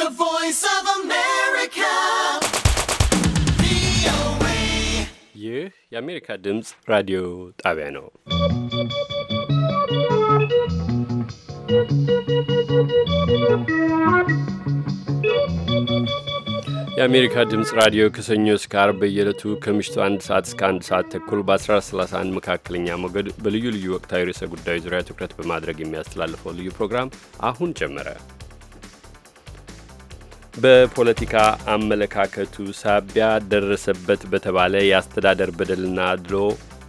The Voice of America. ይህ የአሜሪካ ድምፅ ራዲዮ ጣቢያ ነው። የአሜሪካ ድምፅ ራዲዮ ከሰኞ እስከ አርብ በየዕለቱ ከምሽቱ አንድ ሰዓት እስከ አንድ ሰዓት ተኩል በ1431 መካከለኛ ሞገድ በልዩ ልዩ ወቅታዊ ርዕሰ ጉዳዮች ዙሪያ ትኩረት በማድረግ የሚያስተላልፈው ልዩ ፕሮግራም አሁን ጀመረ። በፖለቲካ አመለካከቱ ሳቢያ ደረሰበት በተባለ የአስተዳደር በደልና አድሎ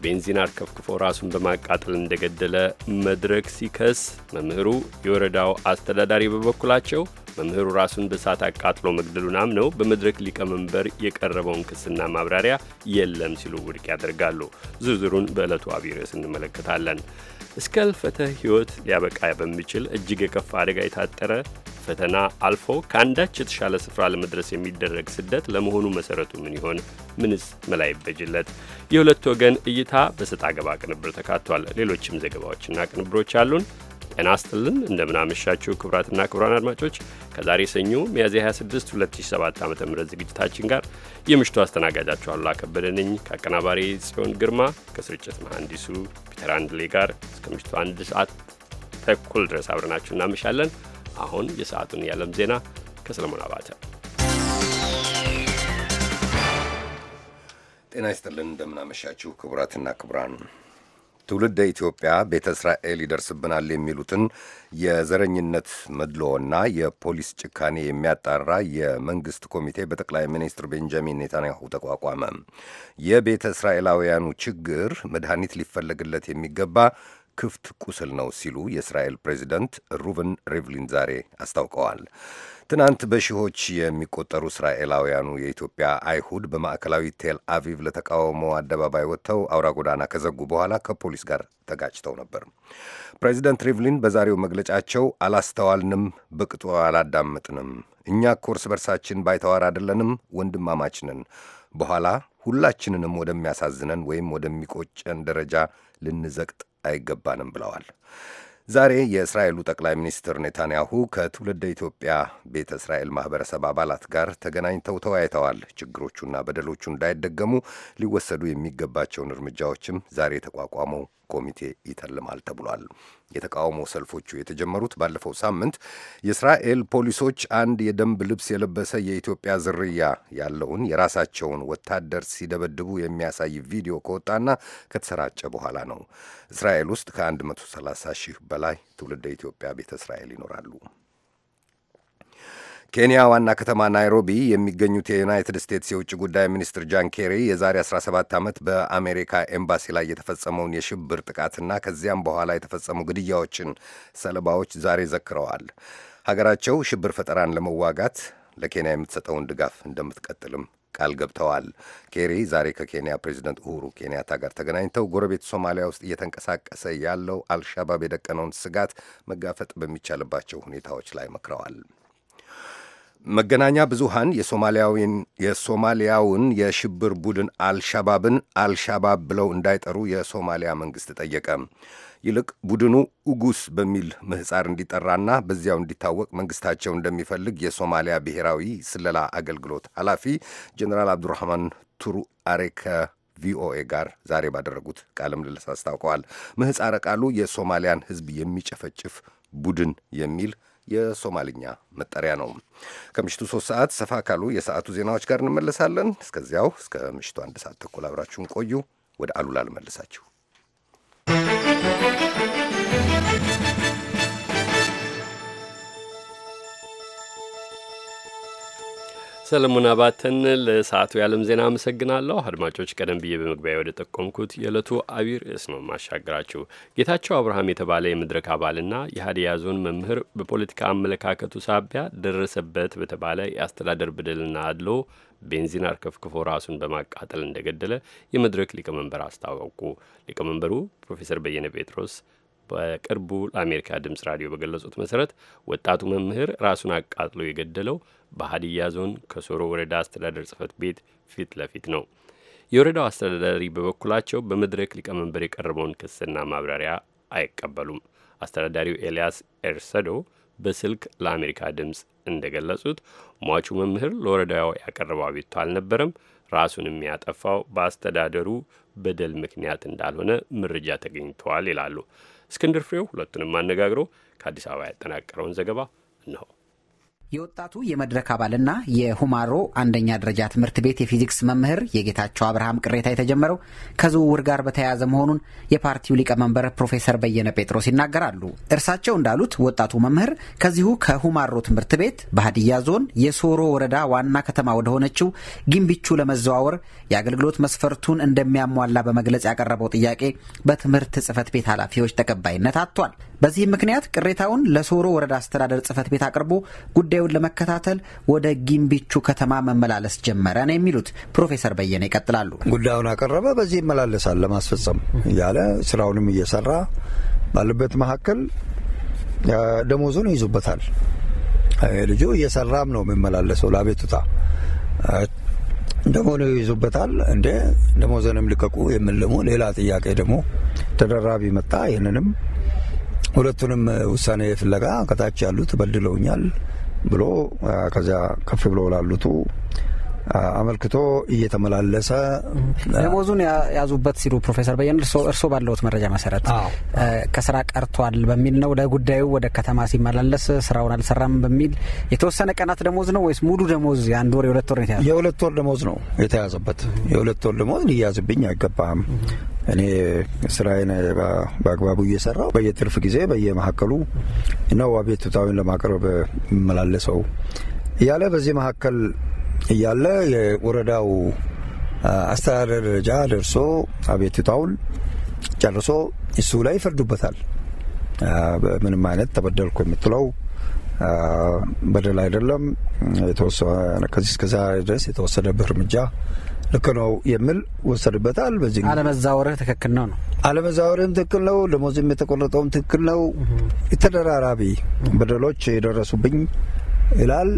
ቤንዚን አርከፍክፎ ራሱን በማቃጠል እንደገደለ መድረክ ሲከስ መምህሩ የወረዳው አስተዳዳሪ በበኩላቸው መምህሩ ራሱን በእሳት አቃጥሎ መግደሉን አምነው በመድረክ ሊቀመንበር የቀረበውን ክስና ማብራሪያ የለም ሲሉ ውድቅ ያደርጋሉ። ዝርዝሩን በዕለቱ አብይ ርዕስ እንመለከታለን። እስከ እልፈተ ሕይወት ሊያበቃ በሚችል እጅግ የከፋ አደጋ የታጠረ ፈተና አልፎ ከአንዳች የተሻለ ስፍራ ለመድረስ የሚደረግ ስደት ለመሆኑ መሰረቱ ምን ይሆን? ምንስ መላ ይበጅለት? የሁለት ወገን እይታ በሰጥ አገባ ቅንብር ተካቷል። ሌሎችም ዘገባዎችና ቅንብሮች አሉን። ጤና ይስጥልን፣ እንደምናመሻችሁ ክቡራትና ክቡራን አድማጮች ከዛሬ ሰኞ ሚያዝያ 26 2007 ዓ ም ዝግጅታችን ጋር የምሽቱ አስተናጋጃችሁ አሉላ ከበደ ነኝ ከአቀናባሪ ጽዮን ግርማ ከስርጭት መሐንዲሱ ፒተር አንድሌ ጋር እስከ ምሽቱ አንድ ሰዓት ተኩል ድረስ አብረናችሁ እናመሻለን። አሁን የሰዓቱን የዓለም ዜና ከሰለሞን አባተ። ጤና ይስጥልን፣ እንደምናመሻችሁ ክቡራትና ክቡራን። ትውልደ ኢትዮጵያ ቤተ እስራኤል ይደርስብናል የሚሉትን የዘረኝነት መድሎና የፖሊስ ጭካኔ የሚያጣራ የመንግስት ኮሚቴ በጠቅላይ ሚኒስትር ቤንጃሚን ኔታንያሁ ተቋቋመ። የቤተ እስራኤላውያኑ ችግር መድኃኒት ሊፈለግለት የሚገባ ክፍት ቁስል ነው ሲሉ የእስራኤል ፕሬዚደንት ሩቨን ሪቭሊን ዛሬ አስታውቀዋል። ትናንት በሺዎች የሚቆጠሩ እስራኤላውያኑ የኢትዮጵያ አይሁድ በማዕከላዊ ቴል አቪቭ ለተቃውሞ አደባባይ ወጥተው አውራ ጎዳና ከዘጉ በኋላ ከፖሊስ ጋር ተጋጭተው ነበር። ፕሬዚደንት ሪቭሊን በዛሬው መግለጫቸው አላስተዋልንም፣ በቅጡ አላዳመጥንም፣ እኛ እኮ እርስ በርሳችን ባይተዋር አይደለንም፣ ወንድማማች ነን። በኋላ ሁላችንንም ወደሚያሳዝነን ወይም ወደሚቆጨን ደረጃ ልንዘቅጥ አይገባንም ብለዋል። ዛሬ የእስራኤሉ ጠቅላይ ሚኒስትር ኔታንያሁ ከትውልደ ኢትዮጵያ ቤተ እስራኤል ማህበረሰብ አባላት ጋር ተገናኝተው ተወያይተዋል። ችግሮቹና በደሎቹ እንዳይደገሙ ሊወሰዱ የሚገባቸውን እርምጃዎችም ዛሬ የተቋቋመው ኮሚቴ ይተልማል ተብሏል። የተቃውሞ ሰልፎቹ የተጀመሩት ባለፈው ሳምንት የእስራኤል ፖሊሶች አንድ የደንብ ልብስ የለበሰ የኢትዮጵያ ዝርያ ያለውን የራሳቸውን ወታደር ሲደበድቡ የሚያሳይ ቪዲዮ ከወጣና ከተሰራጨ በኋላ ነው። እስራኤል ውስጥ ከ130 ሺህ በላይ ትውልደ ኢትዮጵያ ቤተ እስራኤል ይኖራሉ። ኬንያ ዋና ከተማ ናይሮቢ የሚገኙት የዩናይትድ ስቴትስ የውጭ ጉዳይ ሚኒስትር ጃን ኬሪ የዛሬ 17 ዓመት በአሜሪካ ኤምባሲ ላይ የተፈጸመውን የሽብር ጥቃትና ከዚያም በኋላ የተፈጸሙ ግድያዎችን ሰለባዎች ዛሬ ዘክረዋል። ሀገራቸው ሽብር ፈጠራን ለመዋጋት ለኬንያ የምትሰጠውን ድጋፍ እንደምትቀጥልም ቃል ገብተዋል። ኬሪ ዛሬ ከኬንያ ፕሬዚደንት ኡሁሩ ኬንያታ ጋር ተገናኝተው ጎረቤት ሶማሊያ ውስጥ እየተንቀሳቀሰ ያለው አልሻባብ የደቀነውን ስጋት መጋፈጥ በሚቻልባቸው ሁኔታዎች ላይ መክረዋል። መገናኛ ብዙሃን የሶማሊያውን የሽብር ቡድን አልሻባብን አልሻባብ ብለው እንዳይጠሩ የሶማሊያ መንግሥት ጠየቀ። ይልቅ ቡድኑ ኡጉስ በሚል ምሕፃር እንዲጠራና በዚያው እንዲታወቅ መንግሥታቸው እንደሚፈልግ የሶማሊያ ብሔራዊ ስለላ አገልግሎት ኃላፊ ጀኔራል አብዱራህማን ቱሩ አሬከ ከቪኦኤ ጋር ዛሬ ባደረጉት ቃለ ምልልስ አስታውቀዋል። ምሕፃረ ቃሉ የሶማሊያን ሕዝብ የሚጨፈጭፍ ቡድን የሚል የሶማልኛ መጠሪያ ነው። ከምሽቱ ሶስት ሰዓት ሰፋ ካሉ የሰዓቱ ዜናዎች ጋር እንመለሳለን። እስከዚያው እስከ ምሽቱ አንድ ሰዓት ተኩል አብራችሁን ቆዩ። ወደ አሉላ ልመልሳችሁ። ሰለሞን አባተን ለሰዓቱ የዓለም ዜና አመሰግናለሁ። አድማጮች፣ ቀደም ብዬ በመግቢያ ወደ ጠቆምኩት የዕለቱ አቢይ ርዕስ ነው ማሻገራችሁ። ጌታቸው አብርሃም የተባለ የመድረክ አባልና የሀዲያ ዞን መምህር በፖለቲካ አመለካከቱ ሳቢያ ደረሰበት በተባለ የአስተዳደር በደልና አድሎ ቤንዚን አርከፍክፎ ራሱን በማቃጠል እንደገደለ የመድረክ ሊቀመንበር አስታወቁ። ሊቀመንበሩ ፕሮፌሰር በየነ ጴጥሮስ በቅርቡ ለአሜሪካ ድምፅ ራዲዮ በገለጹት መሰረት ወጣቱ መምህር ራሱን አቃጥሎ የገደለው በሀዲያ ዞን ከሶሮ ወረዳ አስተዳደር ጽህፈት ቤት ፊት ለፊት ነው። የወረዳው አስተዳዳሪ በበኩላቸው በመድረክ ሊቀመንበር የቀረበውን ክስና ማብራሪያ አይቀበሉም። አስተዳዳሪው ኤልያስ ኤርሰዶ በስልክ ለአሜሪካ ድምፅ እንደገለጹት ሟቹ መምህር ለወረዳው ያቀረበው አቤቱታ አልነበረም። ራሱን የሚያጠፋው በአስተዳደሩ በደል ምክንያት እንዳልሆነ መረጃ ተገኝተዋል ይላሉ። እስክንድር ፍሬው ሁለቱንም አነጋግሮ ከአዲስ አበባ ያጠናቀረውን ዘገባ ነው። የወጣቱ የመድረክ አባልና የሁማሮ አንደኛ ደረጃ ትምህርት ቤት የፊዚክስ መምህር የጌታቸው አብርሃም ቅሬታ የተጀመረው ከዝውውር ጋር በተያያዘ መሆኑን የፓርቲው ሊቀመንበር ፕሮፌሰር በየነ ጴጥሮስ ይናገራሉ። እርሳቸው እንዳሉት ወጣቱ መምህር ከዚሁ ከሁማሮ ትምህርት ቤት በሀዲያ ዞን የሶሮ ወረዳ ዋና ከተማ ወደሆነችው ግንቢቹ ለመዘዋወር የአገልግሎት መስፈርቱን እንደሚያሟላ በመግለጽ ያቀረበው ጥያቄ በትምህርት ጽህፈት ቤት ኃላፊዎች ተቀባይነት አጥቷል። በዚህም ምክንያት ቅሬታውን ለሶሮ ወረዳ አስተዳደር ጽህፈት ቤት አቅርቦ ጉዳዩ ጉዳዩን ለመከታተል ወደ ጊምቢቹ ከተማ መመላለስ ጀመረ ነው የሚሉት ፕሮፌሰር በየነ ይቀጥላሉ። ጉዳዩን አቀረበ፣ በዚህ ይመላለሳል ለማስፈጸም እያለ ስራውንም እየሰራ ባለበት መካከል ደሞዙን ይዙበታል። ልጁ እየሰራም ነው የሚመላለሰው ለአቤቱታ ደሞኑ ይዙበታል። እንደ ደሞዘንም ልቀቁ የሚል ደግሞ ሌላ ጥያቄ ደግሞ ተደራቢ መጣ። ይህንንም ሁለቱንም ውሳኔ ፍለጋ ከታች ያሉት በድለውኛል፣ ብሎ ከዚያ ከፍ ብሎ ላሉቱ አመልክቶ እየተመላለሰ ደሞዙን ያዙበት ሲሉ ፕሮፌሰር በየን እርሶ ባለውት መረጃ መሰረት ከስራ ቀርቷል በሚል ነው ለጉዳዩ ወደ ከተማ ሲመላለስ ስራውን አልሰራም በሚል የተወሰነ ቀናት ደሞዝ ነው ወይስ ሙሉ ደሞዝ የአንድ ወር የሁለት ወር ነው የሁለት ወር ደሞዝ ነው የተያዘበት የሁለት ወር ደሞዝ ሊያዝብኝ አይገባም እኔ ስራዬን በአግባቡ እየሰራው በየትርፍ ጊዜ በየመካከሉ ነው አቤቱታዊን ለማቅረብ የመላለሰው እያለ በዚህ መካከል እያለ የወረዳው አስተዳደር ደረጃ ደርሶ አቤቱታውን ጨርሶ እሱ ላይ ይፈርዱበታል። ምንም አይነት ተበደልኩ የምትለው በደል አይደለም፣ ከዚህ እስከዛ ድረስ የተወሰደብህ እርምጃ ልክ ነው የሚል ወሰድበታል። በዚህ አለመዛወርህ ትክክል ነው ነው አለመዛወርህም ትክክል ነው፣ ደሞዝም የተቆረጠውም ትክክል ነው። ተደራራቢ በደሎች የደረሱብኝ ይላል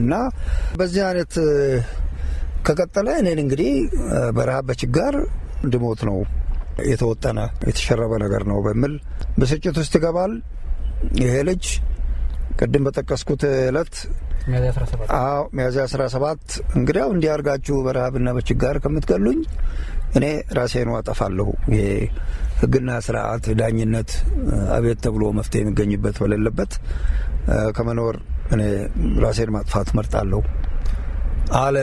እና በዚህ አይነት ከቀጠለ እኔን እንግዲህ በረሃብ በችጋር እንድሞት ነው የተወጠነ የተሸረበ ነገር ነው በሚል ብስጭት ውስጥ ይገባል። ይሄ ልጅ ቅድም በጠቀስኩት ዕለት ሚያዝያ 17 እንግዲያው እንዲያርጋችሁ በረሃብና በችጋር ከምትገሉኝ እኔ ራሴን አጠፋለሁ። ይሄ ህግና ስርዓት ዳኝነት አቤት ተብሎ መፍትሄ የሚገኝበት በሌለበት ከመኖር እኔ ራሴን ማጥፋት መርጣለሁ አለ።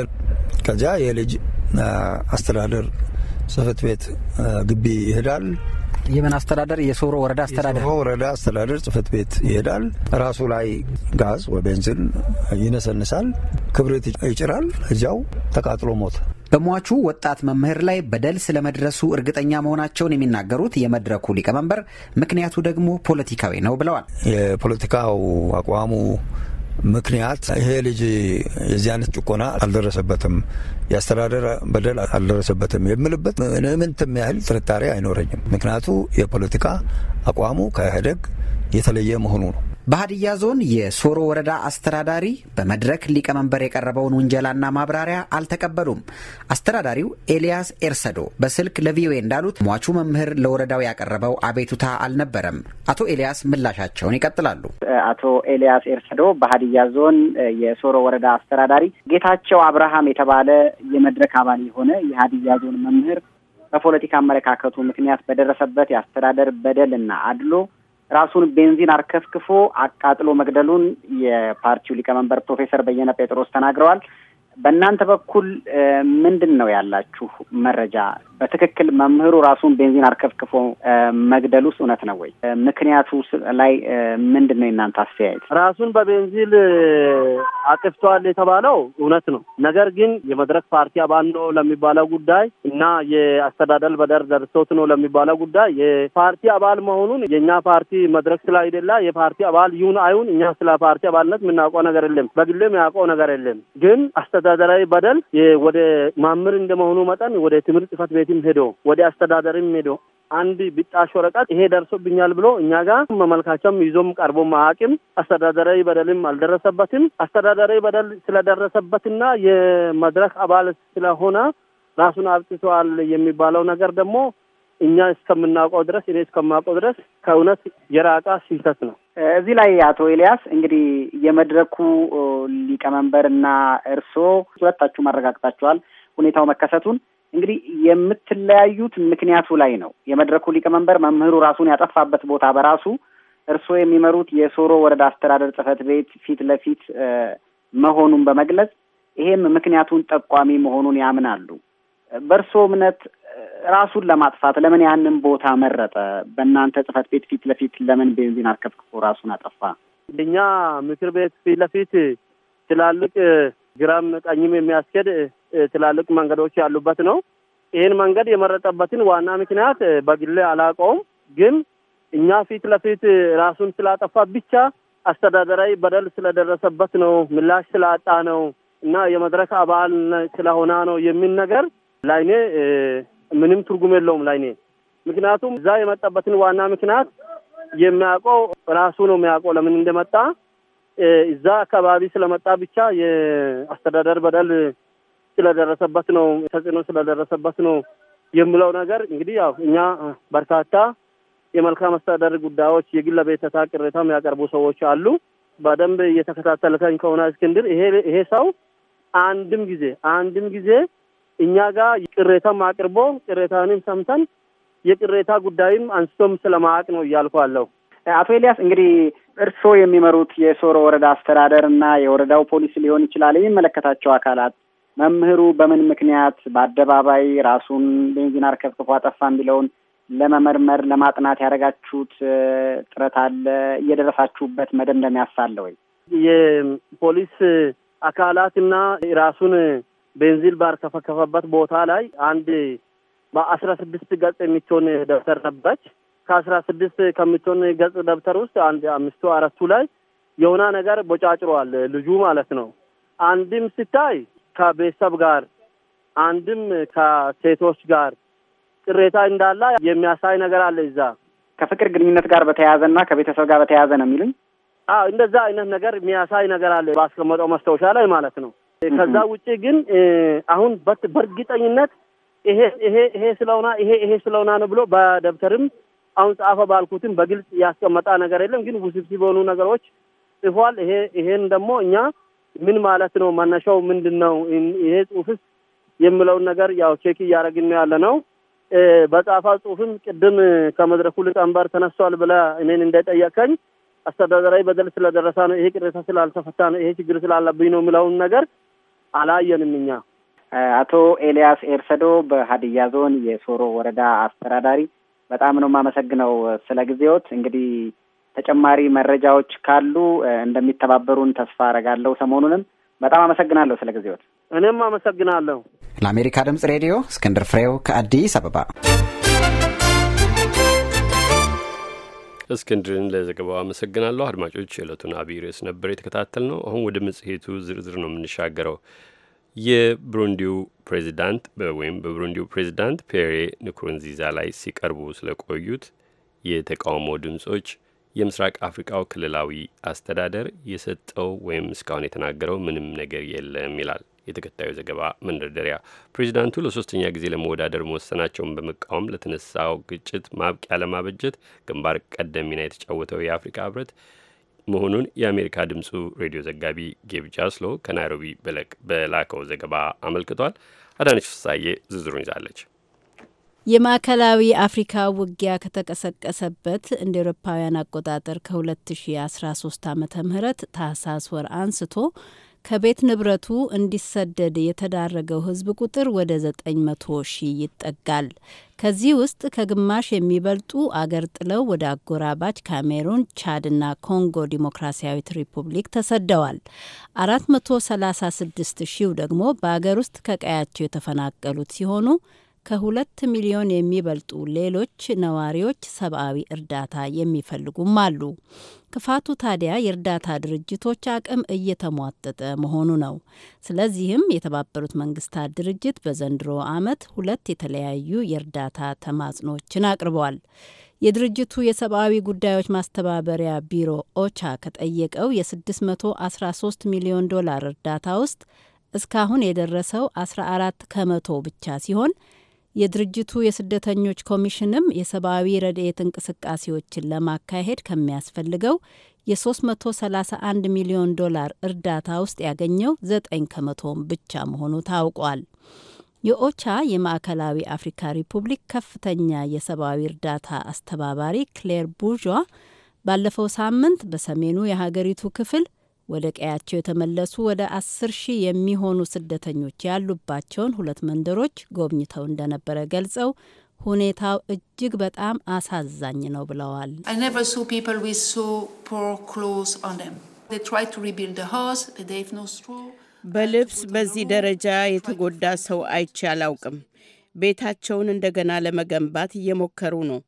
ከዚያ የልጅ አስተዳደር ጽህፈት ቤት ግቢ ይሄዳል። የምን አስተዳደር? የሶሮ ወረዳ አስተዳደር። የሶሮ ወረዳ አስተዳደር ጽህፈት ቤት ይሄዳል። ራሱ ላይ ጋዝ ወይ ቤንዚን ይነሰንሳል፣ ክብሪት ይጭራል። እዚያው ተቃጥሎ ሞት። በሟቹ ወጣት መምህር ላይ በደል ስለመድረሱ እርግጠኛ መሆናቸውን የሚናገሩት የመድረኩ ሊቀመንበር ምክንያቱ ደግሞ ፖለቲካዊ ነው ብለዋል። የፖለቲካው አቋሙ ምክንያት ይሄ ልጅ የዚህ አይነት ጭቆና አልደረሰበትም፣ የአስተዳደር በደል አልደረሰበትም የምልበት ምንትም ያህል ጥርጣሬ አይኖረኝም። ምክንያቱ የፖለቲካ አቋሙ ከኢህአዴግ የተለየ መሆኑ ነው። በሀዲያ ዞን የሶሮ ወረዳ አስተዳዳሪ በመድረክ ሊቀመንበር የቀረበውን ውንጀላና ማብራሪያ አልተቀበሉም። አስተዳዳሪው ኤልያስ ኤርሰዶ በስልክ ለቪኦኤ እንዳሉት ሟቹ መምህር ለወረዳው ያቀረበው አቤቱታ አልነበረም። አቶ ኤልያስ ምላሻቸውን ይቀጥላሉ። አቶ ኤልያስ ኤርሰዶ በሀዲያ ዞን የሶሮ ወረዳ አስተዳዳሪ ጌታቸው አብርሃም የተባለ የመድረክ አባል የሆነ የሀዲያ ዞን መምህር በፖለቲካ አመለካከቱ ምክንያት በደረሰበት የአስተዳደር በደልና አድሎ ራሱን ቤንዚን አርከፍክፎ አቃጥሎ መግደሉን የፓርቲው ሊቀመንበር ፕሮፌሰር በየነ ጴጥሮስ ተናግረዋል። በእናንተ በኩል ምንድን ነው ያላችሁ መረጃ? በትክክል መምህሩ ራሱን ቤንዚን አርከፍክፎ መግደል ውስጥ እውነት ነው ወይ? ምክንያቱ ላይ ምንድን ነው የእናንተ አስተያየት? ራሱን በቤንዚን አጥፍቷል የተባለው እውነት ነው። ነገር ግን የመድረክ ፓርቲ አባል ነው ለሚባለው ጉዳይ እና የአስተዳደር በደር ደርሶት ነው ለሚባለው ጉዳይ የፓርቲ አባል መሆኑን የእኛ ፓርቲ መድረክ ስላይደላ የፓርቲ አባል ይሁን አይሁን እኛ ስለ ፓርቲ አባልነት የምናውቀው ነገር የለም። በግሌ የሚያውቀው ነገር የለም። ግን አስተዳደራዊ በደል ወደ ማምር እንደመሆኑ መጠን ወደ ትምህርት ጽፈት ቤት ቤትም ሄዶ ወደ አስተዳደርም ሄዶ አንድ ብጣሽ ወረቀት ይሄ ደርሶብኛል ብሎ እኛ ጋር መመልካቸውም ይዞም ቀርቦ አያውቅም። አስተዳደራዊ በደልም አልደረሰበትም። አስተዳደራዊ በደል ስለደረሰበትና የመድረክ አባል ስለሆነ ራሱን አብጥቷል የሚባለው ነገር ደግሞ እኛ እስከምናውቀው ድረስ እኔ እስከማውቀው ድረስ ከእውነት የራቀ ስህተት ነው። እዚህ ላይ አቶ ኤልያስ እንግዲህ የመድረኩ ሊቀመንበርና እርስዎ ሁለታችሁ ማረጋግጣችኋል ሁኔታው መከሰቱን እንግዲህ የምትለያዩት ምክንያቱ ላይ ነው። የመድረኩ ሊቀመንበር መምህሩ ራሱን ያጠፋበት ቦታ በራሱ እርስዎ የሚመሩት የሶሮ ወረዳ አስተዳደር ጽፈት ቤት ፊት ለፊት መሆኑን በመግለጽ ይሄም ምክንያቱን ጠቋሚ መሆኑን ያምናሉ። በእርስዎ እምነት ራሱን ለማጥፋት ለምን ያንን ቦታ መረጠ? በእናንተ ጽሕፈት ቤት ፊት ለፊት ለምን ቤንዚን አርከፍክፎ ራሱን አጠፋ? እኛ ምክር ቤት ፊት ለፊት ትላልቅ ግራም ቀኝም የሚያስኬድ ትላልቅ መንገዶች ያሉበት ነው። ይህን መንገድ የመረጠበትን ዋና ምክንያት በግሌ አላውቀውም፣ ግን እኛ ፊት ለፊት ራሱን ስላጠፋ ብቻ አስተዳደራዊ በደል ስለደረሰበት ነው፣ ምላሽ ስላጣ ነው እና የመድረክ አባል ስለሆና ነው የሚል ነገር ላይኔ ምንም ትርጉም የለውም ላይኔ። ምክንያቱም እዛ የመጣበትን ዋና ምክንያት የሚያውቀው ራሱ ነው የሚያውቀው ለምን እንደመጣ እዛ አካባቢ ስለመጣ ብቻ የአስተዳደር በደል ስለደረሰበት ነው ተጽዕኖ ስለደረሰበት ነው የምለው ነገር እንግዲህ ያው እኛ በርካታ የመልካም አስተዳደር ጉዳዮች የግለ ቤተሰብ ቅሬታ የሚያቀርቡ ሰዎች አሉ። በደንብ እየተከታተልከኝ ከሆነ እስክንድር፣ ይሄ ይሄ ሰው አንድም ጊዜ አንድም ጊዜ እኛ ጋር ቅሬታም አቅርቦ ቅሬታንም ሰምተን የቅሬታ ጉዳይም አንስቶም ስለማያውቅ ነው እያልኩ አለው። አቶ ኤልያስ እንግዲህ እርስዎ የሚመሩት የሶሮ ወረዳ አስተዳደር እና የወረዳው ፖሊስ ሊሆን ይችላል የሚመለከታቸው አካላት መምህሩ በምን ምክንያት በአደባባይ ራሱን ቤንዚን አርከፍክፎ አጠፋ የሚለውን ለመመርመር ለማጥናት ያደረጋችሁት ጥረት አለ? እየደረሳችሁበት መደምደሚያ አለ ወይ? የፖሊስ አካላት እና ራሱን ቤንዚን ባርከፈከፈበት ቦታ ላይ አንድ በአስራ ስድስት ገጽ የሚትሆን ደብተር ነበረች። ከአስራ ስድስት ከምትሆን ገጽ ደብተር ውስጥ አንድ አምስቱ አራቱ ላይ የሆነ ነገር ቦጫጭሯል ልጁ ማለት ነው። አንድም ስታይ ከቤተሰብ ጋር አንድም ከሴቶች ጋር ቅሬታ እንዳላ የሚያሳይ ነገር አለ። እዛ ከፍቅር ግንኙነት ጋር በተያያዘ እና ከቤተሰብ ጋር በተያያዘ ነው የሚሉኝ። አዎ እንደዛ አይነት ነገር የሚያሳይ ነገር አለ ባስቀመጠው መስታወሻ ላይ ማለት ነው። ከዛ ውጭ ግን አሁን በእርግጠኝነት ይሄ ይሄ ይሄ ስለሆና ይሄ ይሄ ስለሆና ነው ብሎ በደብተርም አሁን ጻፈ ባልኩትም በግልጽ ያስቀመጣ ነገር የለም። ግን ውስብስብ የሆኑ ነገሮች ጽፏል። ይሄ ይሄን ደግሞ እኛ ምን ማለት ነው? መነሻው ምንድን ነው? ይሄ ጽሁፍስ የምለውን ነገር ያው ቼክ እያደረግን ያለ ነው። በጻፋ ጽሁፍም ቅድም ከመድረኩ ሊቀመንበር ተነሷል ብለ እኔን እንደጠየቀኝ አስተዳደራዊ በደል ስለደረሰ ነው፣ ይሄ ቅሬታ ስላልተፈታ ነው፣ ይሄ ችግር ስላለብኝ ነው የምለውን ነገር አላየንም እኛ። አቶ ኤልያስ ኤርሰዶ በሀዲያ ዞን የሶሮ ወረዳ አስተዳዳሪ፣ በጣም ነው የማመሰግነው ስለ ጊዜዎት እንግዲህ ተጨማሪ መረጃዎች ካሉ እንደሚተባበሩን ተስፋ አረጋለሁ። ሰሞኑንም በጣም አመሰግናለሁ ስለ ጊዜዎት። እኔም አመሰግናለሁ። ለአሜሪካ ድምጽ ሬዲዮ እስክንድር ፍሬው ከአዲስ አበባ። እስክንድርን ለዘገባው አመሰግናለሁ። አድማጮች፣ የዕለቱን አብይ ርዕስ ነበር የተከታተል ነው። አሁን ወደ መጽሔቱ ዝርዝር ነው የምንሻገረው። የብሩንዲው ፕሬዚዳንት ወይም በብሩንዲው ፕሬዚዳንት ፔሬ ንኩሩንዚዛ ላይ ሲቀርቡ ስለቆዩት የተቃውሞ ድምጾች የምስራቅ አፍሪቃው ክልላዊ አስተዳደር የሰጠው ወይም እስካሁን የተናገረው ምንም ነገር የለም ይላል የተከታዩ ዘገባ መንደርደሪያ። ፕሬዚዳንቱ ለሶስተኛ ጊዜ ለመወዳደር መወሰናቸውን በመቃወም ለተነሳው ግጭት ማብቂያ ለማበጀት ግንባር ቀደም ሚና የተጫወተው የአፍሪካ ህብረት መሆኑን የአሜሪካ ድምጹ ሬዲዮ ዘጋቢ ጌብ ጃስሎ ከናይሮቢ በላከው ዘገባ አመልክቷል። አዳነች ፍሳዬ ዝርዝሩን ይዛለች። የማዕከላዊ አፍሪካ ውጊያ ከተቀሰቀሰበት እንደ ኤሮፓውያን አቆጣጠር ከ2013 ዓ ም ታህሳስ ወር አንስቶ ከቤት ንብረቱ እንዲሰደድ የተዳረገው ሕዝብ ቁጥር ወደ 900 ሺህ ይጠጋል። ከዚህ ውስጥ ከግማሽ የሚበልጡ አገር ጥለው ወደ አጎራባች ካሜሩን፣ ቻድና ኮንጎ ዲሞክራሲያዊት ሪፑብሊክ ተሰደዋል። 436 ሺው ደግሞ በአገር ውስጥ ከቀያቸው የተፈናቀሉት ሲሆኑ ከሁለት ሚሊዮን የሚበልጡ ሌሎች ነዋሪዎች ሰብአዊ እርዳታ የሚፈልጉም አሉ። ክፋቱ ታዲያ የእርዳታ ድርጅቶች አቅም እየተሟጠጠ መሆኑ ነው። ስለዚህም የተባበሩት መንግስታት ድርጅት በዘንድሮ ዓመት ሁለት የተለያዩ የእርዳታ ተማጽኖችን አቅርበዋል። የድርጅቱ የሰብአዊ ጉዳዮች ማስተባበሪያ ቢሮ ኦቻ ከጠየቀው የ613 ሚሊዮን ዶላር እርዳታ ውስጥ እስካሁን የደረሰው 14 ከመቶ ብቻ ሲሆን የድርጅቱ የስደተኞች ኮሚሽንም የሰብአዊ ረድኤት እንቅስቃሴዎችን ለማካሄድ ከሚያስፈልገው የ331 ሚሊዮን ዶላር እርዳታ ውስጥ ያገኘው 9 ከመቶውን ብቻ መሆኑ ታውቋል። የኦቻ የማዕከላዊ አፍሪካ ሪፑብሊክ ከፍተኛ የሰብአዊ እርዳታ አስተባባሪ ክሌር ቡርዣ ባለፈው ሳምንት በሰሜኑ የሀገሪቱ ክፍል ወደ ቀያቸው የተመለሱ ወደ አስር ሺህ የሚሆኑ ስደተኞች ያሉባቸውን ሁለት መንደሮች ጎብኝተው እንደነበረ ገልጸው ሁኔታው እጅግ በጣም አሳዛኝ ነው ብለዋል። በልብስ በዚህ ደረጃ የተጎዳ ሰው አይቼ አላውቅም። ቤታቸውን እንደገና ለመገንባት እየሞከሩ ነው።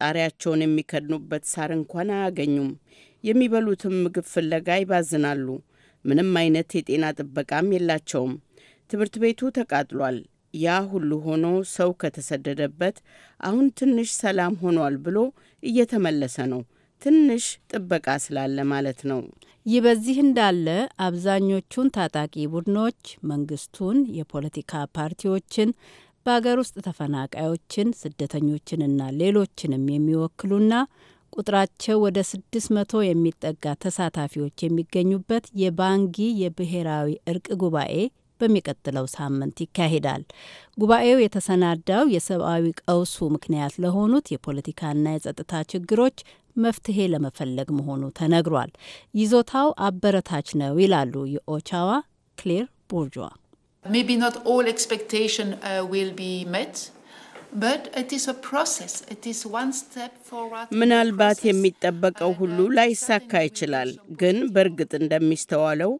ጣሪያቸውን የሚከድኑበት ሳር እንኳን አያገኙም። የሚበሉትም ምግብ ፍለጋ ይባዝናሉ። ምንም አይነት የጤና ጥበቃም የላቸውም። ትምህርት ቤቱ ተቃጥሏል። ያ ሁሉ ሆኖ ሰው ከተሰደደበት አሁን ትንሽ ሰላም ሆኗል ብሎ እየተመለሰ ነው። ትንሽ ጥበቃ ስላለ ማለት ነው። ይህ በዚህ እንዳለ አብዛኞቹን ታጣቂ ቡድኖች መንግስቱን፣ የፖለቲካ ፓርቲዎችን፣ በአገር ውስጥ ተፈናቃዮችን፣ ስደተኞችንና ሌሎችንም የሚወክሉና ቁጥራቸው ወደ 600 የሚጠጋ ተሳታፊዎች የሚገኙበት የባንጊ የብሔራዊ እርቅ ጉባኤ በሚቀጥለው ሳምንት ይካሄዳል። ጉባኤው የተሰናዳው የሰብአዊ ቀውሱ ምክንያት ለሆኑት የፖለቲካና የጸጥታ ችግሮች መፍትሄ ለመፈለግ መሆኑ ተነግሯል። ይዞታው አበረታች ነው ይላሉ የኦቻዋ ክሌር ቦርጇ። ምናልባት የሚጠበቀው uh, ሁሉ ላይሳካ ይችላል፣ ግን በእርግጥ እንደሚስተዋለው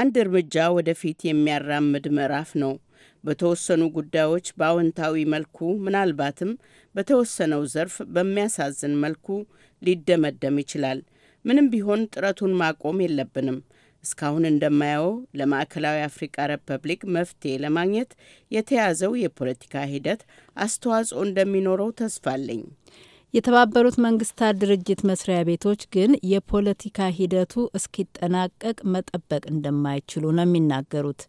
አንድ እርምጃ ወደፊት የሚያራምድ ምዕራፍ ነው። በተወሰኑ ጉዳዮች በአዎንታዊ መልኩ ምናልባትም በተወሰነው ዘርፍ በሚያሳዝን መልኩ ሊደመደም ይችላል። ምንም ቢሆን ጥረቱን ማቆም የለብንም። እስካሁን እንደማየው ለማዕከላዊ አፍሪቃ ሪፐብሊክ መፍትሄ ለማግኘት የተያዘው የፖለቲካ ሂደት አስተዋጽኦ እንደሚኖረው ተስፋ አለኝ። የተባበሩት መንግስታት ድርጅት መስሪያ ቤቶች ግን የፖለቲካ ሂደቱ እስኪጠናቀቅ መጠበቅ እንደማይችሉ ነው የሚናገሩት።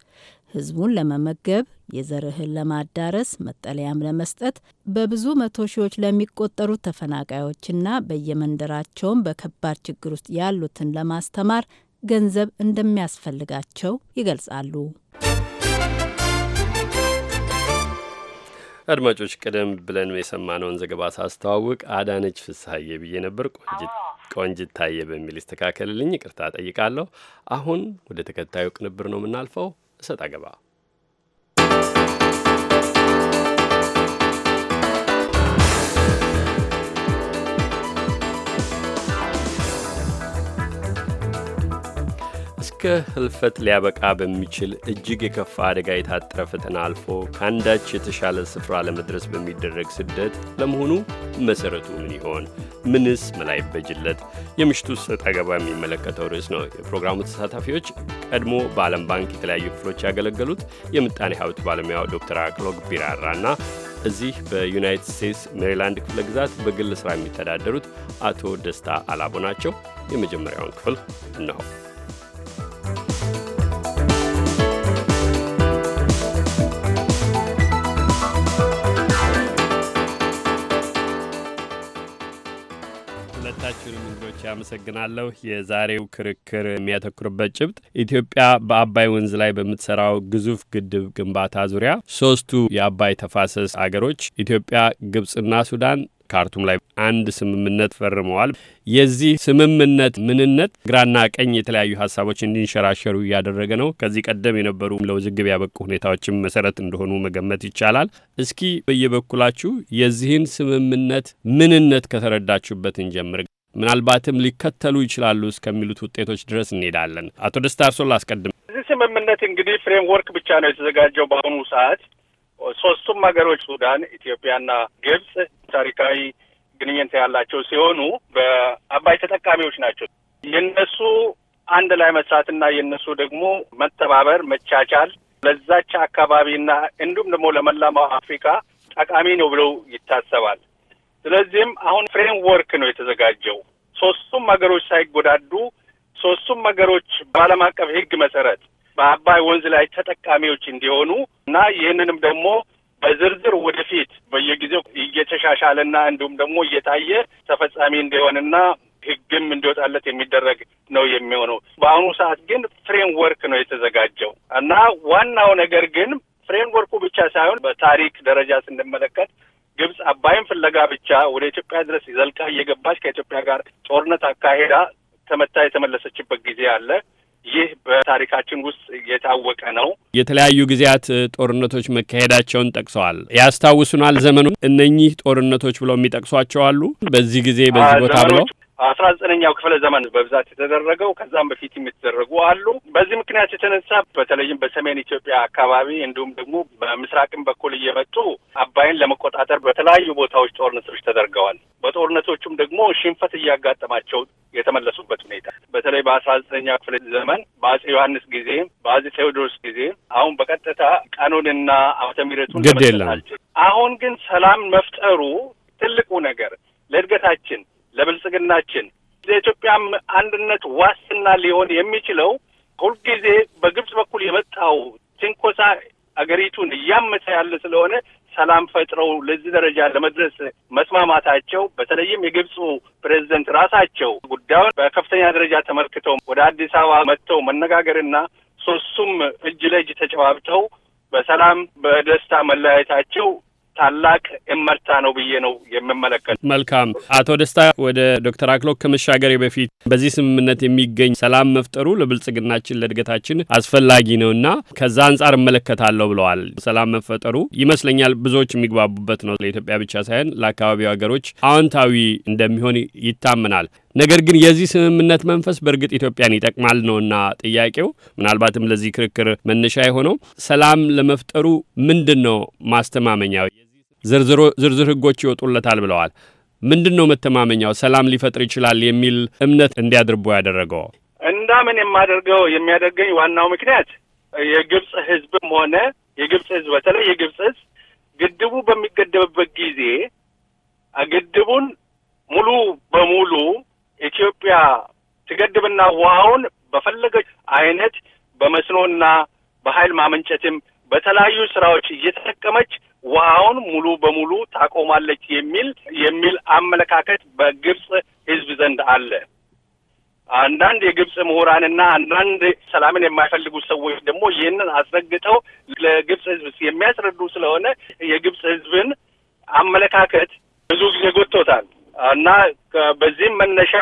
ህዝቡን ለመመገብ፣ የዘርህን ለማዳረስ፣ መጠለያም ለመስጠት በብዙ መቶ ሺዎች ለሚቆጠሩት ተፈናቃዮችና በየመንደራቸውም በከባድ ችግር ውስጥ ያሉትን ለማስተማር ገንዘብ እንደሚያስፈልጋቸው ይገልጻሉ። አድማጮች፣ ቀደም ብለን የሰማነውን ዘገባ ሳስተዋውቅ አዳነች ፍስሀዬ ብዬ ነበር። ቆንጅት ታየ በሚል ይስተካከልልኝ፣ ይቅርታ ጠይቃለሁ። አሁን ወደ ተከታዩ ቅንብር ነው የምናልፈው። እሰጥ አገባ ህልፈት ሊያበቃ በሚችል እጅግ የከፋ አደጋ የታጠረ ፈተና አልፎ ከአንዳች የተሻለ ስፍራ ለመድረስ በሚደረግ ስደት ለመሆኑ መሰረቱ ምን ይሆን? ምንስ መላ ይበጅለት? የምሽቱ ሰጥ አገባ የሚመለከተው ርዕስ ነው። የፕሮግራሙ ተሳታፊዎች ቀድሞ በዓለም ባንክ የተለያዩ ክፍሎች ያገለገሉት የምጣኔ ሀብት ባለሙያው ዶክተር አክሎግ ቢራራና እዚህ በዩናይትድ ስቴትስ ሜሪላንድ ክፍለ ግዛት በግል ስራ የሚተዳደሩት አቶ ደስታ አላቦ ናቸው። የመጀመሪያውን ክፍል እነሆ። አመሰግናለሁ። የዛሬው ክርክር የሚያተኩርበት ጭብጥ ኢትዮጵያ በአባይ ወንዝ ላይ በምትሰራው ግዙፍ ግድብ ግንባታ ዙሪያ ሶስቱ የአባይ ተፋሰስ አገሮች ኢትዮጵያ፣ ግብጽና ሱዳን ካርቱም ላይ አንድ ስምምነት ፈርመዋል። የዚህ ስምምነት ምንነት ግራና ቀኝ የተለያዩ ሀሳቦች እንዲንሸራሸሩ እያደረገ ነው። ከዚህ ቀደም የነበሩ ለውዝግብ ያበቁ ሁኔታዎችም መሰረት እንደሆኑ መገመት ይቻላል። እስኪ በየበኩላችሁ የዚህን ስምምነት ምንነት ከተረዳችሁበት እንጀምር። ምናልባትም ሊከተሉ ይችላሉ እስከሚሉት ውጤቶች ድረስ እንሄዳለን። አቶ ደስታ እርሶን ላስቀድም። እዚህ ስምምነት እንግዲህ ፍሬምወርክ ብቻ ነው የተዘጋጀው በአሁኑ ሰዓት ሶስቱም ሀገሮች ሱዳን፣ ኢትዮጵያና ግብጽ ታሪካዊ ግንኙነት ያላቸው ሲሆኑ በአባይ ተጠቃሚዎች ናቸው። የነሱ አንድ ላይ መስራትና የነሱ ደግሞ መተባበር፣ መቻቻል ለዛች አካባቢና እንዲሁም ደግሞ ለመላማው አፍሪካ ጠቃሚ ነው ብለው ይታሰባል። ስለዚህም አሁን ፍሬምወርክ ነው የተዘጋጀው ሶስቱም ሀገሮች ሳይጎዳዱ ሶስቱም ሀገሮች በዓለም አቀፍ ሕግ መሰረት በአባይ ወንዝ ላይ ተጠቃሚዎች እንዲሆኑ እና ይህንንም ደግሞ በዝርዝር ወደፊት በየጊዜው እየተሻሻለና እንዲሁም ደግሞ እየታየ ተፈጻሚ እንዲሆንና ሕግም እንዲወጣለት የሚደረግ ነው የሚሆነው። በአሁኑ ሰዓት ግን ፍሬምወርክ ነው የተዘጋጀው እና ዋናው ነገር ግን ፍሬምወርኩ ብቻ ሳይሆን በታሪክ ደረጃ ስንመለከት ግብጽ አባይን ፍለጋ ብቻ ወደ ኢትዮጵያ ድረስ ዘልቃ እየገባች ከኢትዮጵያ ጋር ጦርነት አካሄዳ ተመታ የተመለሰችበት ጊዜ አለ። ይህ በታሪካችን ውስጥ የታወቀ ነው። የተለያዩ ጊዜያት ጦርነቶች መካሄዳቸውን ጠቅሰዋል። ያስታውሱናል ዘመኑ እነኚህ ጦርነቶች ብለው የሚጠቅሷቸው አሉ። በዚህ ጊዜ በዚህ ቦታ ብለው አስራ ዘጠነኛው ክፍለ ዘመን በብዛት የተደረገው ከዛም በፊት የሚተደረጉ አሉ። በዚህ ምክንያት የተነሳ በተለይም በሰሜን ኢትዮጵያ አካባቢ እንዲሁም ደግሞ በምስራቅም በኩል እየመጡ አባይን ለመቆጣጠር በተለያዩ ቦታዎች ጦርነቶች ተደርገዋል። በጦርነቶቹም ደግሞ ሽንፈት እያጋጠማቸው የተመለሱበት ሁኔታ በተለይ በአስራ ዘጠነኛው ክፍለ ዘመን በአጼ ዮሐንስ ጊዜ፣ በአጼ ቴዎድሮስ ጊዜ አሁን በቀጥታ ቀኑንና ዓመተ ምሕረቱን አልችልም። አሁን ግን ሰላም መፍጠሩ ትልቁ ነገር ለእድገታችን ለብልጽግናችን ለኢትዮጵያም አንድነት ዋስትና ሊሆን የሚችለው ሁልጊዜ በግብጽ በኩል የመጣው ትንኮሳ አገሪቱን እያመሰ ያለ ስለሆነ ሰላም ፈጥረው ለዚህ ደረጃ ለመድረስ መስማማታቸው በተለይም የግብፁ ፕሬዝደንት ራሳቸው ጉዳዩን በከፍተኛ ደረጃ ተመልክተው ወደ አዲስ አበባ መጥተው መነጋገርና ሶስቱም እጅ ለእጅ ተጨባብጠው በሰላም በደስታ መለያየታቸው ታላቅ እመርታ ነው ብዬ ነው የምመለከት። መልካም አቶ ደስታ፣ ወደ ዶክተር አክሎክ ከመሻገር በፊት በዚህ ስምምነት የሚገኝ ሰላም መፍጠሩ ለብልጽግናችን ለእድገታችን አስፈላጊ ነውና ከዛ አንጻር እመለከታለሁ ብለዋል። ሰላም መፈጠሩ ይመስለኛል ብዙዎች የሚግባቡበት ነው። ለኢትዮጵያ ብቻ ሳይሆን ለአካባቢው ሀገሮች አዎንታዊ እንደሚሆን ይታመናል። ነገር ግን የዚህ ስምምነት መንፈስ በእርግጥ ኢትዮጵያን ይጠቅማል ነውና ጥያቄው ምናልባትም ለዚህ ክርክር መነሻ የሆነው ሰላም ለመፍጠሩ ምንድን ነው ማስተማመኛው? ዝርዝር ህጎች ይወጡለታል ብለዋል። ምንድን ነው መተማመኛው ሰላም ሊፈጥር ይችላል የሚል እምነት እንዲያድርቦ ያደረገው? እንዳምን የማደርገው የሚያደርገኝ ዋናው ምክንያት የግብፅ ህዝብም ሆነ የግብፅ ህዝብ በተለይ የግብፅ ህዝብ ግድቡ በሚገደብበት ጊዜ ግድቡን ሙሉ በሙሉ ኢትዮጵያ ትገድብና ውሃውን በፈለገች አይነት በመስኖና በኃይል ማመንጨትም በተለያዩ ስራዎች እየተጠቀመች ውሃውን ሙሉ በሙሉ ታቆማለች የሚል የሚል አመለካከት በግብጽ ህዝብ ዘንድ አለ። አንዳንድ የግብጽ ምሁራንና አንዳንድ ሰላምን የማይፈልጉ ሰዎች ደግሞ ይህንን አስረግጠው ለግብጽ ህዝብ የሚያስረዱ ስለሆነ የግብጽ ህዝብን አመለካከት ብዙ ጊዜ ጎጥቶታል እና በዚህም መነሻ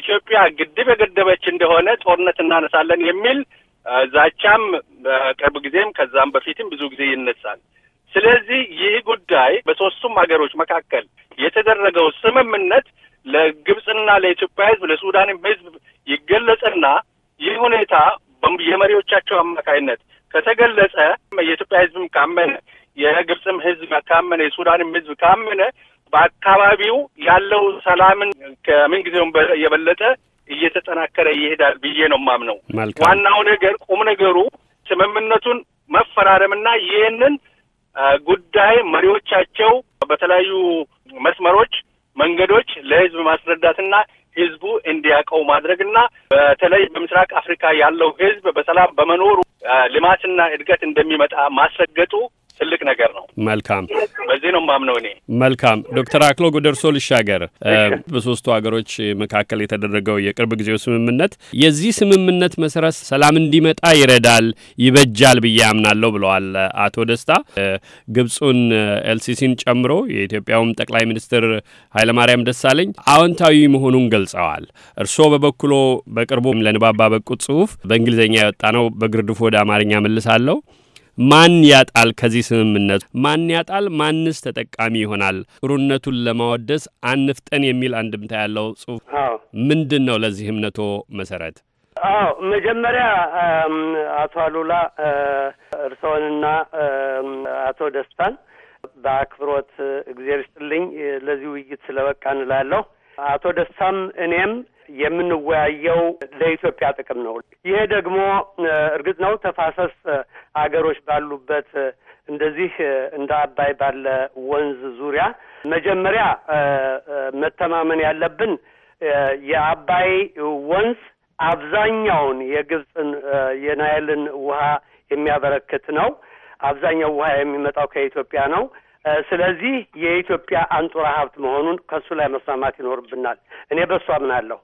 ኢትዮጵያ ግድብ የገደበች እንደሆነ ጦርነት እናነሳለን የሚል ዛቻም በቅርብ ጊዜም ከዛም በፊትም ብዙ ጊዜ ይነሳል። ስለዚህ ይህ ጉዳይ በሶስቱም ሀገሮች መካከል የተደረገው ስምምነት ለግብፅና ለኢትዮጵያ ህዝብ ለሱዳንም ህዝብ ይገለጽና ይህ ሁኔታ የመሪዎቻቸው አማካይነት ከተገለጸ የኢትዮጵያ ህዝብም ካመነ የግብፅም ህዝብ ካመነ የሱዳንም ህዝብ ካመነ በአካባቢው ያለው ሰላምን ከምን የበለጠ እየተጠናከረ ይሄዳል ብዬ ነው ማምነው። ዋናው ነገር ቁም ነገሩ ስምምነቱን መፈራረምና ይህንን ጉዳይ መሪዎቻቸው በተለያዩ መስመሮች፣ መንገዶች ለህዝብ ማስረዳትና ህዝቡ እንዲያውቀው ማድረግና በተለይ በምስራቅ አፍሪካ ያለው ህዝብ በሰላም በመኖሩ ልማትና እድገት እንደሚመጣ ማስረገጡ ትልቅ ነገር ነው። መልካም፣ በዚህ ነው ማምነው እኔ። መልካም ዶክተር አክሎግ ወደ ልሻገር። በሶስቱ ሀገሮች መካከል የተደረገው የቅርብ ጊዜው ስምምነት የዚህ ስምምነት መሰረት ሰላም እንዲመጣ ይረዳል ይበጃል ብዬ አምናለሁ ብለዋል አቶ ደስታ። ግብፁን ኤልሲሲን ጨምሮ የኢትዮጵያውም ጠቅላይ ሚኒስትር ኃይለማርያም ደሳለኝ አዎንታዊ መሆኑን ገልጸዋል። እርስዎ በበኩሎ በቅርቡ ለንባባ ባበቁት ጽሁፍ በእንግሊዝኛ የወጣ ነው፣ በግርድፉ ወደ አማርኛ መልሳለሁ ማን ያጣል? ከዚህ ስምምነቱ ማን ያጣል? ማንስ ተጠቃሚ ይሆናል? ሩነቱን ለማወደስ አንፍጠን የሚል አንድምታ ያለው ጽሁፍ ምንድን ነው? ለዚህ እምነቶ መሰረት? አዎ መጀመሪያ አቶ አሉላ እርስዎንና አቶ ደስታን በአክብሮት እግዜር ስጥልኝ ለዚህ ውይይት ስለበቃ እንላለሁ። አቶ ደስታም እኔም የምንወያየው ለኢትዮጵያ ጥቅም ነው። ይሄ ደግሞ እርግጥ ነው ተፋሰስ አገሮች ባሉበት እንደዚህ እንደ አባይ ባለ ወንዝ ዙሪያ መጀመሪያ መተማመን ያለብን የአባይ ወንዝ አብዛኛውን የግብፅን የናይልን ውሃ የሚያበረክት ነው። አብዛኛው ውሃ የሚመጣው ከኢትዮጵያ ነው። ስለዚህ የኢትዮጵያ አንጡራ ሀብት መሆኑን ከእሱ ላይ መስማማት ይኖርብናል። እኔ በሱ አምናለሁ።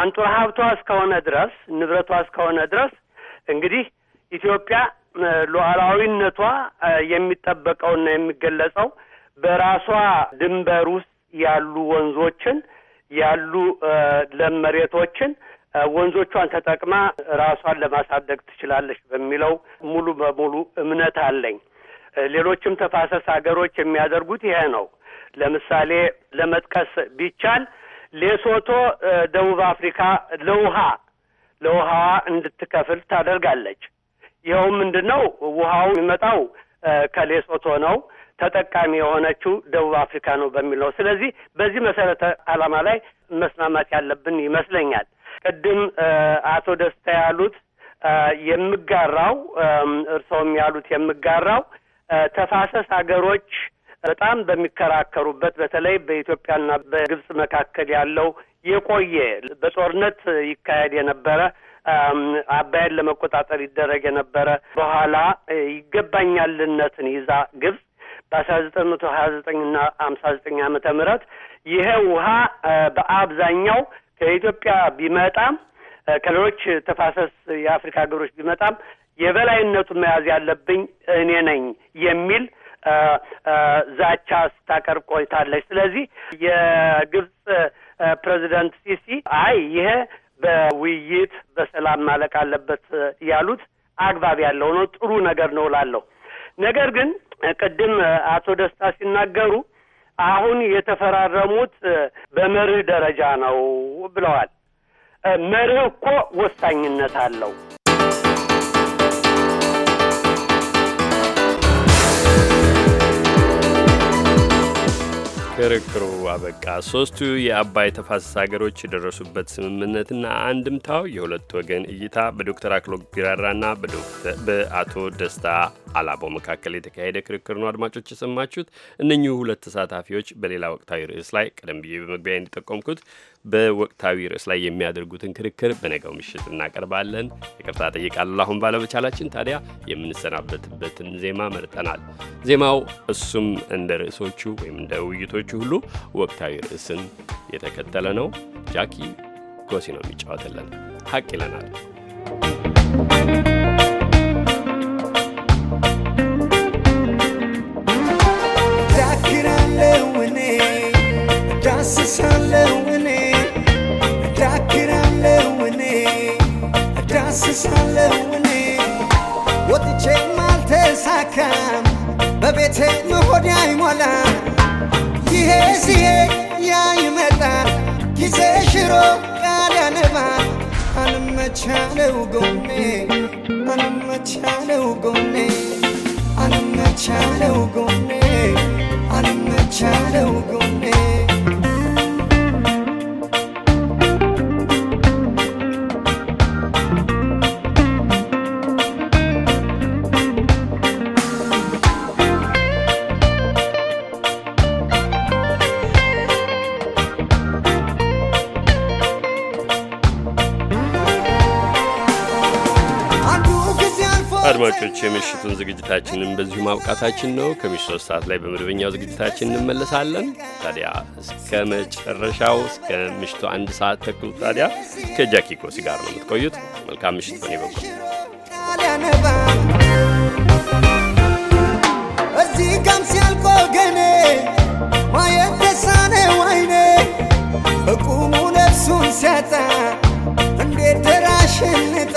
አንጡራ ሀብቷ እስከሆነ ድረስ ንብረቷ እስከሆነ ድረስ እንግዲህ ኢትዮጵያ ሉዓላዊነቷ የሚጠበቀውና የሚገለጸው በራሷ ድንበር ውስጥ ያሉ ወንዞችን ያሉ ለም መሬቶችን ወንዞቿን ተጠቅማ ራሷን ለማሳደግ ትችላለች በሚለው ሙሉ በሙሉ እምነት አለኝ። ሌሎችም ተፋሰስ ሀገሮች የሚያደርጉት ይሄ ነው። ለምሳሌ ለመጥቀስ ቢቻል ሌሶቶ ደቡብ አፍሪካ ለውሃ ለውሃ እንድትከፍል ታደርጋለች። ይኸው ምንድን ነው ውሃው የሚመጣው ከሌሶቶ ነው፣ ተጠቃሚ የሆነችው ደቡብ አፍሪካ ነው በሚል ነው። ስለዚህ በዚህ መሰረተ ዓላማ ላይ መስማማት ያለብን ይመስለኛል። ቅድም አቶ ደስታ ያሉት የምጋራው እርሰውም ያሉት የምጋራው ተፋሰስ ሀገሮች በጣም በሚከራከሩበት በተለይ በኢትዮጵያና በግብጽ መካከል ያለው የቆየ በጦርነት ይካሄድ የነበረ አባይን ለመቆጣጠር ይደረግ የነበረ በኋላ ይገባኛልነትን ይዛ ግብጽ በአስራ ዘጠኝ መቶ ሀያ ዘጠኝና አምሳ ዘጠኝ ዓመተ ምህረት ይሄ ውሃ በአብዛኛው ከኢትዮጵያ ቢመጣም ከሌሎች ተፋሰስ የአፍሪካ ሀገሮች ቢመጣም የበላይነቱን መያዝ ያለብኝ እኔ ነኝ የሚል ዛቻ ስታቀርብ ቆይታለች። ስለዚህ የግብጽ ፕሬዚደንት ሲሲ አይ ይሄ በውይይት በሰላም ማለቅ አለበት ያሉት አግባብ ያለው ነው፣ ጥሩ ነገር ነው እላለሁ። ነገር ግን ቅድም አቶ ደስታ ሲናገሩ አሁን የተፈራረሙት በመርህ ደረጃ ነው ብለዋል። መርህ እኮ ወሳኝነት አለው። ክርክሩ አበቃ። ሶስቱ የአባይ ተፋሰስ ሀገሮች የደረሱበት ስምምነትና አንድምታው የሁለት ወገን እይታ በዶክተር አክሎግ ቢራራና በአቶ ደስታ አላቦ መካከል የተካሄደ ክርክር ነው። አድማጮች የሰማችሁት እነኚሁ ሁለት ተሳታፊዎች በሌላ ወቅታዊ ርዕስ ላይ ቀደም ብዬ በመግቢያ እንዲጠቆምኩት በወቅታዊ ርዕስ ላይ የሚያደርጉትን ክርክር በነገው ምሽት እናቀርባለን። ይቅርታ ጠይቃለሁ። አሁን ባለመቻላችን ታዲያ የምንሰናበትበትን ዜማ መርጠናል። ዜማው እሱም እንደ ርዕሶቹ ወይም እንደ ውይይቶቹ ዝግጅቶቹ ሁሉ ወቅታዊ ርዕስን የተከተለ ነው። ጃኪ ጎሲ ነው የሚጫወትልን። ሀቅ ይለናል ስሳለውኔ ወጥቼ ማልተሳካም በቤቴ መሆድ አይሞላም እዚህ ያ ይመጣል ጊዜ ሽሮ ቃዳነባ አንመቻለው ጎኔ አንመቻለው ጎኔ አንመቻለው ጎኔ የምሽቱን ዝግጅታችንን በዚሁ ማብቃታችን ነው። ከምሽቱ ሶስት ሰዓት ላይ በመደበኛው ዝግጅታችን እንመለሳለን። ታዲያ እስከ መጨረሻው እስከ ምሽቱ አንድ ሰዓት ተኩል ታዲያ ከጃኪ ኮሲ ጋር ነው የምትቆዩት። መልካም ምሽት በኔ በኩል እዚህ ጋም ሲያልቆ ገኔ ማየት ደሳኔ ወይኔ በቁሙ ነፍሱን ሲያጣ እንዴት ደራሽንጣ